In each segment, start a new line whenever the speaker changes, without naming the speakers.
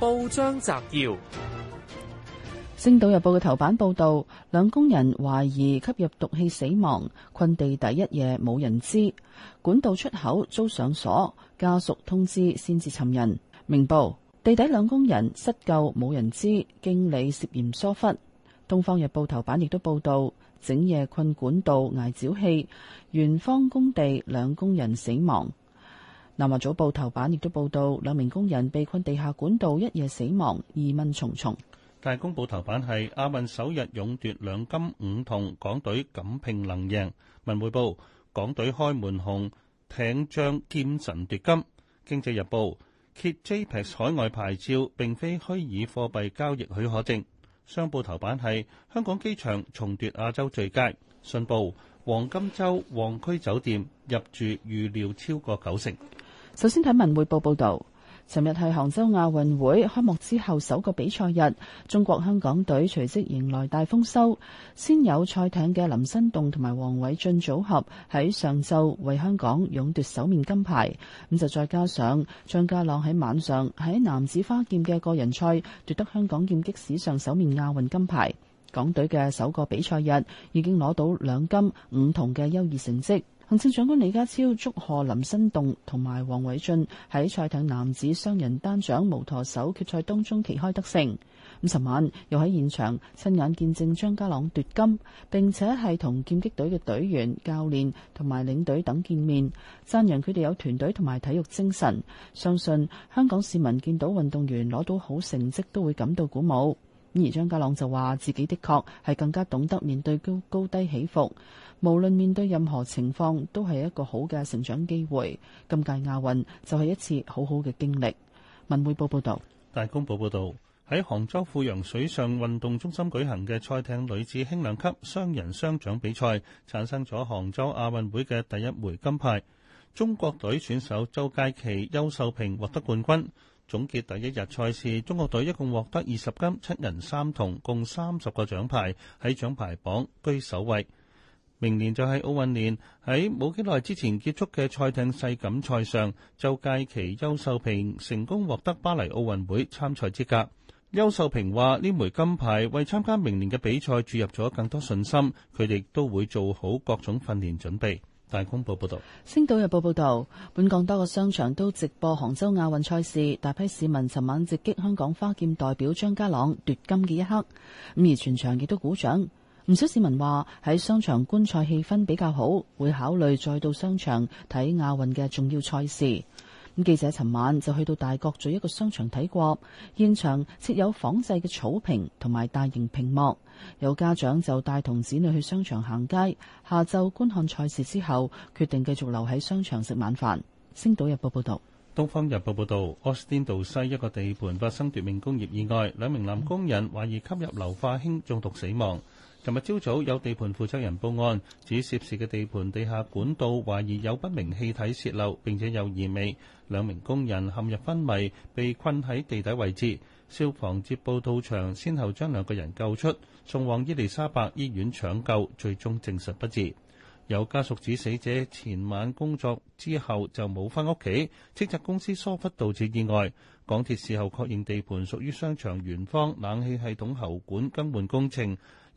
報章摘要：星島日報嘅頭版報道，兩工人懷疑吸入毒氣死亡，困地底一夜冇人知，管道出口遭上鎖，家屬通知先至尋人。明報地底兩工人失救冇人知，經理涉嫌疏忽。東方日報頭版亦都報道，整夜困管道挨沼氣，元芳工地兩工人死亡。南華早報頭版亦都報道兩名工人被困地下管道一夜死亡，疑問重重。
大公報頭版係亞運首日勇奪兩金五銅，港隊敢拼能贏。文匯報港隊開門紅，艇將劍神奪金。經濟日報揭 JPEX 海外牌照並非虛擬貨幣交易許可證。商報頭版係香港機場重奪亞洲最佳。信報黃金周旺區酒店入住預料超過九成。
首先睇文匯報報道，尋日係杭州亞運會開幕之後首個比賽日，中國香港隊隨即迎來大豐收，先有賽艇嘅林新棟同埋黃偉俊組合喺上晝為香港勇奪首面金牌，咁就再加上張家朗喺晚上喺男子花劍嘅個人賽奪得香港劍擊史上首面亞運金牌，港隊嘅首個比賽日已經攞到兩金五銅嘅優異成績。行政長官李家超祝賀林新棟同埋黃偉俊喺賽艇男子雙人單槳無舵手決賽當中旗開得勝。五尋晚又喺現場親眼見證張家朗奪金，並且係同劍擊隊嘅隊員、教練同埋領隊等見面，讚揚佢哋有團隊同埋體育精神。相信香港市民見到運動員攞到好成績，都會感到鼓舞。而張家朗就話自己的確係更加懂得面對高低起伏，無論面對任何情況都係一個好嘅成長機會，今屆亞運就係一次好好嘅經歷。文匯報報道、
大公報報道，喺杭州富陽水上運動中心舉行嘅賽艇女子輕量級雙人雙槳比賽產生咗杭州亞運會嘅第一枚金牌，中國隊選手周佳琪、邱秀萍獲得冠軍。總結第一日賽事，中國隊一共獲得二十金、七銀、三銅，共三十個獎牌，喺獎牌榜居首位。明年就係奧運年，喺冇幾耐之前結束嘅賽艇世錦賽上，鄒佳琪邱秀萍成功獲得巴黎奧運會參賽資格。邱秀萍話：呢枚金牌為參加明年嘅比賽注入咗更多信心，佢哋都會做好各種訓練準備。大公報報道，
星島日報報道，本港多個商場都直播杭州亞運賽事，大批市民尋晚直擊香港花劍代表張家朗奪金嘅一刻，咁而全場亦都鼓掌，唔少市民話喺商場觀賽氣氛比較好，會考慮再到商場睇亞運嘅重要賽事。記者尋晚就去到大角咀一個商場睇過，現場設有仿製嘅草坪同埋大型屏幕，有家長就帶同子女去商場行街，下晝觀看賽事之後，決定繼續留喺商場食晚飯。星島日報報道，
東方日報報道，奧斯汀道西一個地盤發生奪命工業意外，兩名男工人懷疑吸入硫化氫中毒死亡。尋日朝早有地盤負責人報案，指涉事嘅地盤地下管道懷疑有不明氣體泄漏，並且有異味，兩名工人陷入昏迷，被困喺地底位置。消防接報到場，先後將兩個人救出，送往伊麗莎白醫院搶救，最終證實不治。有家屬指死者前晚工作之後就冇翻屋企，斥責公司疏忽導致意外。港鐵事後確認地盤屬於商場圓方冷氣系統喉管更換工程。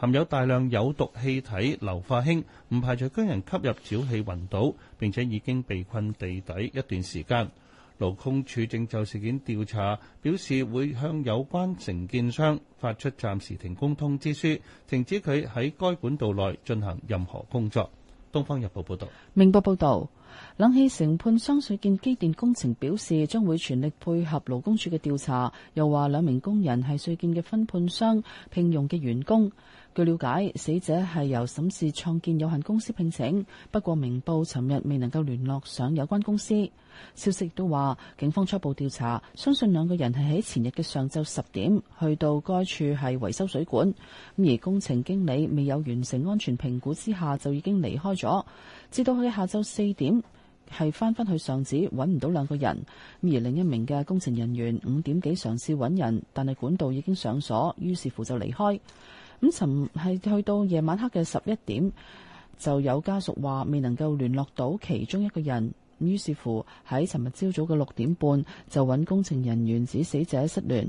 含有大量有毒氣體硫化氫，唔排除居人吸入沼氣暈倒，並且已經被困地底一段時間。勞工處正就事件調查，表示會向有關承建商發出暫時停工通知書，停止佢喺該管道內進行任何工作。《東方日報》報道，
明報報道，冷氣承判商水建機電工程表示將會全力配合勞工處嘅調查，又話兩名工人係水建嘅分判商聘用嘅員工。據了解，死者係由沈氏創建有限公司聘請，不過明報尋日未能夠聯絡上有關公司。消息亦都話，警方初步調查，相信兩個人係喺前日嘅上晝十點去到該處係維修水管，而工程經理未有完成安全評估之下就已經離開咗。直到佢下晝四點係翻返去上址，揾唔到兩個人，而另一名嘅工程人員五點幾嘗試揾人，但係管道已經上鎖，於是乎就離開。咁，尋係去到夜晚黑嘅十一點，就有家屬話未能夠聯絡到其中一個人。於是乎喺尋日朝早嘅六點半，就揾工程人員指死者失聯。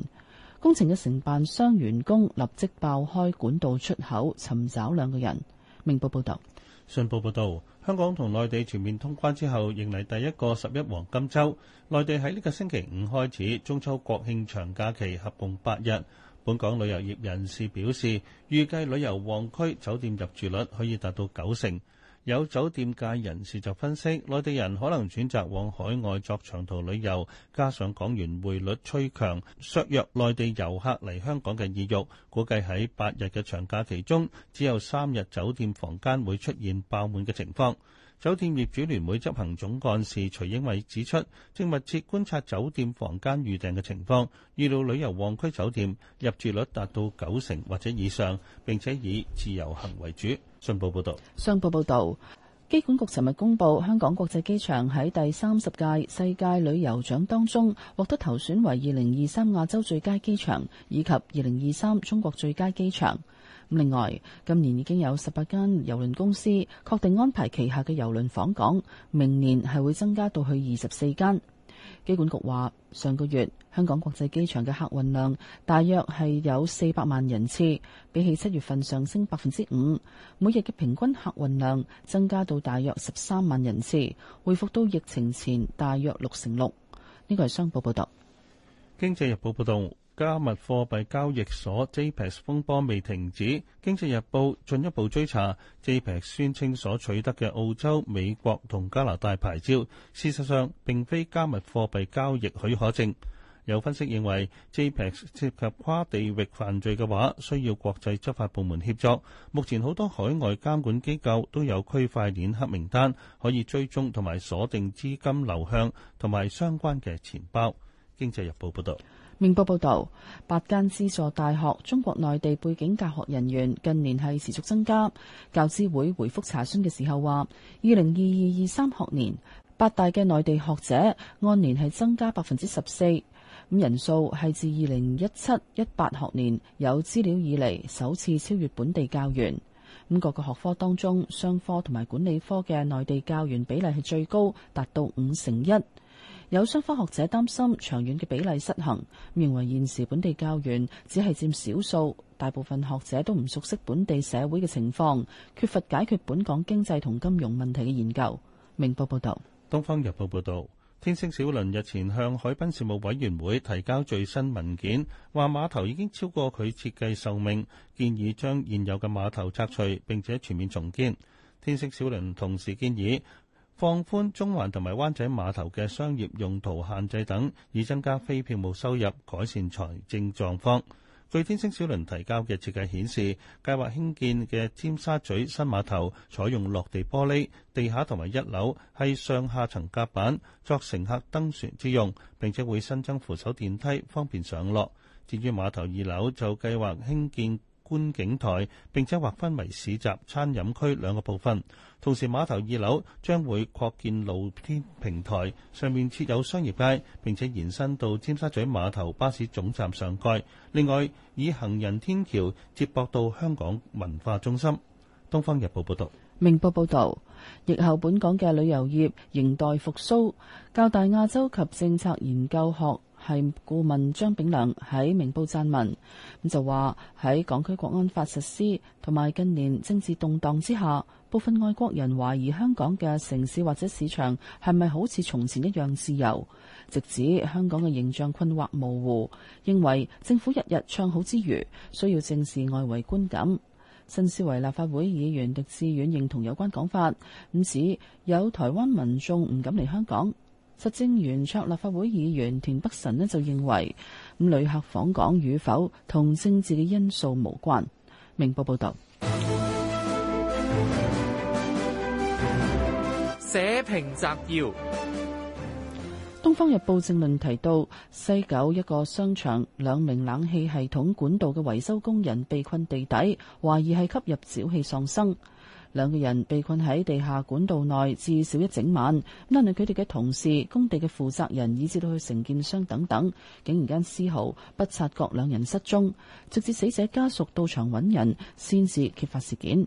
工程嘅承辦商員工立即爆開管道出口，尋找兩個人。明報報道，
信報報道，香港同內地全面通關之後，迎嚟第一個十一黃金周，內地喺呢個星期五開始中秋國慶長假期，合共八日。本港旅遊業人士表示，預計旅遊旺區酒店入住率可以達到九成。有酒店界人士就分析，內地人可能選擇往海外作長途旅遊，加上港元匯率趨強，削弱內地遊客嚟香港嘅意欲。估計喺八日嘅長假期中，只有三日酒店房間會出現爆滿嘅情況。酒店業主聯會執行總幹事徐英偉指出，正密切觀察酒店房間預訂嘅情況，預料旅遊旺區酒店入住率達到九成或者以上，並且以自由行為主。信報報道。商報報道。
機管局尋日公布，香港國際機場喺第三十屆世界旅遊獎當中，獲得投選為二零二三亞洲最佳機場以及二零二三中國最佳機場。另外，今年已經有十八間郵輪公司確定安排旗下嘅郵輪訪港，明年係會增加到去二十四間。機管局話，上個月香港國際機場嘅客運量大約係有四百萬人次，比起七月份上升百分之五，每日嘅平均客運量增加到大約十三萬人次，恢復到疫情前大約六成六。呢個係商報報道。
經濟日報報道。加密貨幣交易所 JPEX 風波未停止，《經濟日報》進一步追查 JPEX 宣稱所取得嘅澳洲、美國同加拿大牌照，事實上並非加密貨幣交易許可證。有分析認為，JPEX 涉及跨地域犯罪嘅話，需要國際執法部門協助。目前好多海外監管機構都有區塊鏈黑名單，可以追蹤同埋鎖定資金流向同埋相關嘅錢包。《經濟日報》報導。
明報報道，八間資助大學中國內地背景教學人員近年係持續增加。教資會回覆查詢嘅時候話，二零二二二三學年八大嘅內地學者按年係增加百分之十四，咁人數係自二零一七一八學年有資料以嚟首次超越本地教員。咁各個學科當中，商科同埋管理科嘅內地教員比例係最高，達到五成一。有商科學者擔心長遠嘅比例失衡，認為現時本地教員只係佔少數，大部分學者都唔熟悉本地社會嘅情況，缺乏解決本港經濟同金融問題嘅研究。明報報導。
東方日報報導，天星小輪日前向海濱事務委員會提交最新文件，話碼頭已經超過佢設計壽命，建議將現有嘅碼頭拆除並且全面重建。天星小輪同時建議。放寬中環同埋灣仔碼頭嘅商業用途限制等，以增加非票務收入，改善財政狀況。據天星小輪提交嘅設計顯示，計劃興建嘅尖沙咀新碼頭採用落地玻璃，地下同埋一樓係上下層甲板，作乘客登船之用，並且會新增扶手電梯，方便上落。至於碼頭二樓，就計劃興建。觀景台，並且劃分為市集、餐飲區兩個部分。同時，碼頭二樓將會擴建露天平台，上面設有商業街，並且延伸到尖沙咀碼頭巴士總站上蓋。另外，以行人天橋接駁到香港文化中心。東方日報報道，
明報報道，疫後本港嘅旅遊業仍待復蘇。較大亞洲及政策研究學。係顧問張炳良喺明報撰文，咁就話喺港區國安法實施同埋近年政治動盪之下，部分外國人懷疑香港嘅城市或者市場係咪好似從前一樣自由，直指香港嘅形象困惑模糊，認為政府日日唱好之餘，需要正視外圍觀感。新思維立法會議員狄志遠認同有關講法，唔止有台灣民眾唔敢嚟香港。實政圓桌立法會議員田北辰呢就認為，咁旅客訪港與否同政治嘅因素無關。明報報道，社評摘要。東方日報正論提到，西九一個商場兩名冷氣系統管道嘅維修工人被困地底，懷疑係吸入沼氣喪生。兩個人被困喺地下管道內至少一整晚，但係佢哋嘅同事、工地嘅負責人，以至到去承建商等等，竟然間絲毫不察覺兩人失蹤，直至死者家屬到場揾人，先至揭發事件。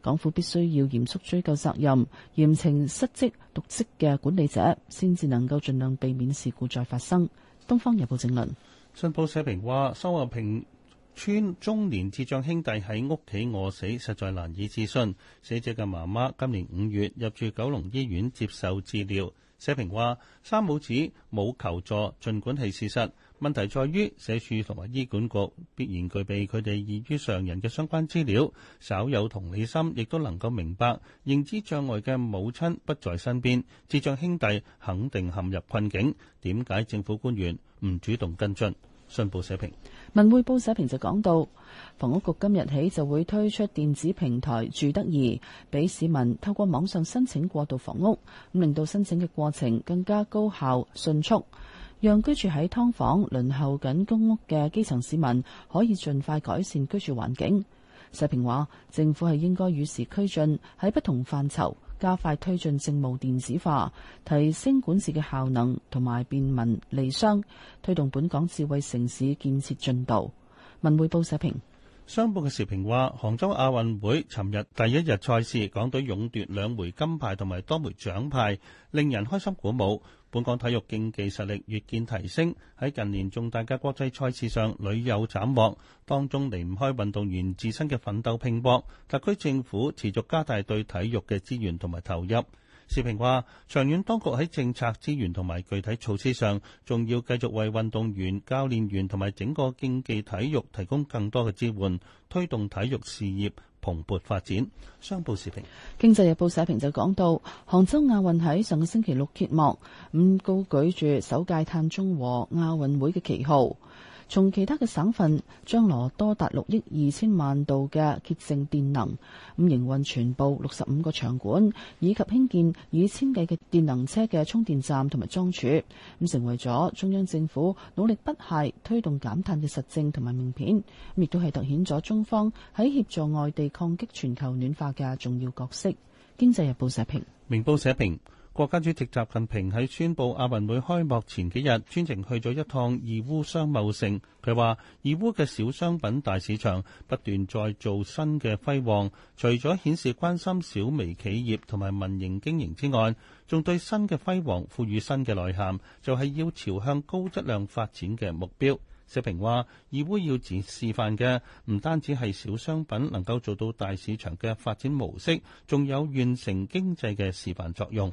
港府必須要嚴肅追究責任，嚴懲失職瀆職嘅管理者，先至能夠盡量避免事故再發生。東方日報正論。
新報社評話，收入平。村中年智障兄弟喺屋企餓死，實在難以置信。死者嘅媽媽今年五月入住九龍醫院接受治療。社評話：三母子冇求助，儘管係事實，問題在於社署同埋醫管局必然具備佢哋異於常人嘅相關資料，稍有同理心亦都能夠明白，認知障礙嘅母親不在身邊，智障兄弟肯定陷入困境。點解政府官員唔主動跟進？信報社評，
文匯報社評就講到，房屋局今日起就會推出電子平台住得易，俾市民透過網上申請過渡房屋，咁令到申請嘅過程更加高效迅速，讓居住喺劏房輪候緊公屋嘅基層市民可以盡快改善居住環境。社評話，政府係應該與時俱進，喺不同範疇，加快推進政務電子化，提升管治嘅效能同埋便民利商，推動本港智慧城市建設進度。文匯報社評，
商報嘅時評話：杭州亞運會尋日第一日賽事，港隊勇奪兩枚金牌同埋多枚獎牌，令人開心鼓舞。本港體育競技實力越見提升，喺近年重大嘅國際賽事上屢有斬獲，當中離唔開運動員自身嘅奮鬥拼搏。特區政府持續加大對體育嘅資源同埋投入。社評話，長遠當局喺政策資源同埋具體措施上，仲要繼續為運動員、教練員同埋整個競技體育提供更多嘅支援，推動體育事業。蓬勃發展。商報時評，
經濟日報社評就講到，杭州亞運喺上個星期六揭幕，咁高舉住首屆碳中和亞運會嘅旗號。從其他嘅省份將攞多達六億二千萬度嘅潔淨電能，咁營運全部六十五個場館，以及興建以千計嘅電能車嘅充電站同埋裝儲，咁成為咗中央政府努力不懈推動減碳嘅實證同埋名片，亦都係凸顯咗中方喺協助外地抗擊全球暖化嘅重要角色。經濟日報社評，
明報社評。國家主席習近平喺宣布亞運會開幕前幾日，專程去咗一趟義烏商貿城。佢話：義烏嘅小商品大市場不斷再做新嘅輝煌。除咗顯示關心小微企業同埋民營經營之外，仲對新嘅輝煌賦予新嘅內涵，就係、是、要朝向高質量發展嘅目標。小平話：義烏要展示範嘅唔單止係小商品能夠做到大市場嘅發展模式，仲有縣城經濟嘅示範作用。